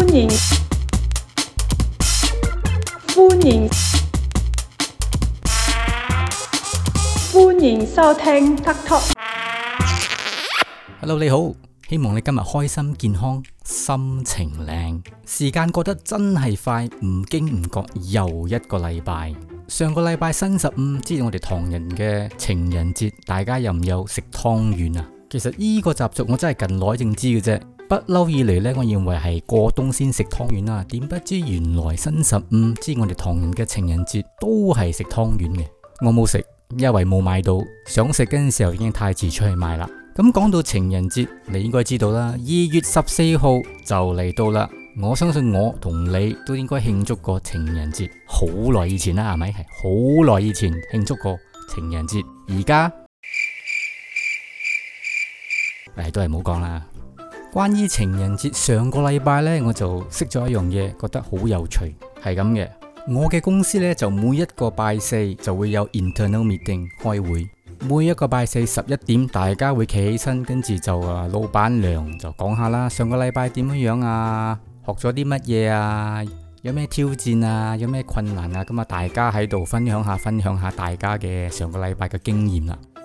歡迎，歡迎，歡迎收聽《Tuck Talk》。Hello，你好，希望你今日開心、健康、心情靚。時間過得真係快，唔經唔覺又一個禮拜。上個禮拜新十五，知道我哋唐人嘅情人節，大家有唔有食湯圓啊？其實呢個習俗我真係近耐先知嘅啫。不嬲以嚟咧，我認為係過冬先食湯圓啦。點不知原來新十五，即係我哋唐人嘅情人節，都係食湯圓嘅。我冇食，因為冇買到，想食嗰陣時候已經太遲出去買啦。咁講到情人節，你應該知道啦，二月十四號就嚟到啦。我相信我同你都應該慶祝過情人節，好耐以前啦，係咪？係好耐以前慶祝過情人節，而家誒都係冇講啦。關於情人節，上個禮拜呢，我就識咗一樣嘢，覺得好有趣，係咁嘅。我嘅公司呢，就每一個拜四就會有 internal meeting 開會，每一個拜四十一點，大家會企起身，跟住就啊老闆娘就講下啦。上個禮拜點樣樣啊？學咗啲乜嘢啊？有咩挑戰啊？有咩困難啊？咁啊，大家喺度分享下，分享下大家嘅上個禮拜嘅經驗啦。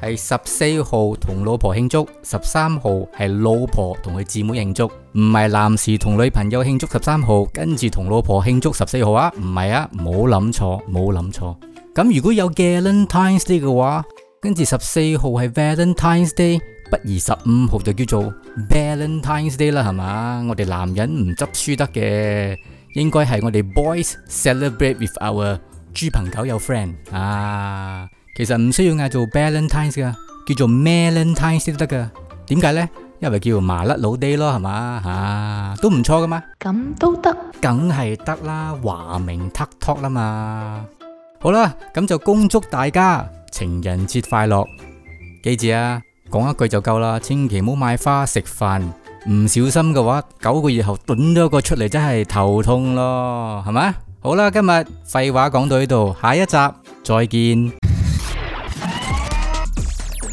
係十四號同老婆慶祝，十三號係老婆同佢姊妹慶祝，唔係男士同女朋友慶祝十三號，跟住同老婆慶祝十四號啊？唔係啊，冇諗錯，冇諗錯。咁如果有 Galentine's Day 嘅話，跟住十四號係 Valentine's Day，不如十五號就叫做 Valentine's Day 啦，係嘛？我哋男人唔執輸得嘅，應該係我哋 boys celebrate with our 豬朋狗友 friend 啊。其實唔需要嗌做 Valentine 嘅，叫做 Malentine 先得噶？點解呢？因為叫麻甩老爹咯，係嘛啊，都唔錯噶嘛，咁都得，梗係得啦，華明 Tuck Talk 啦嘛。好啦，咁就恭祝大家情人節快樂。記住啊，講一句就夠啦，千祈唔好買花食飯，唔小心嘅話九個月後斷咗個出嚟，真係頭痛咯，係咪？好啦，今日廢話講到呢度，下一集再見。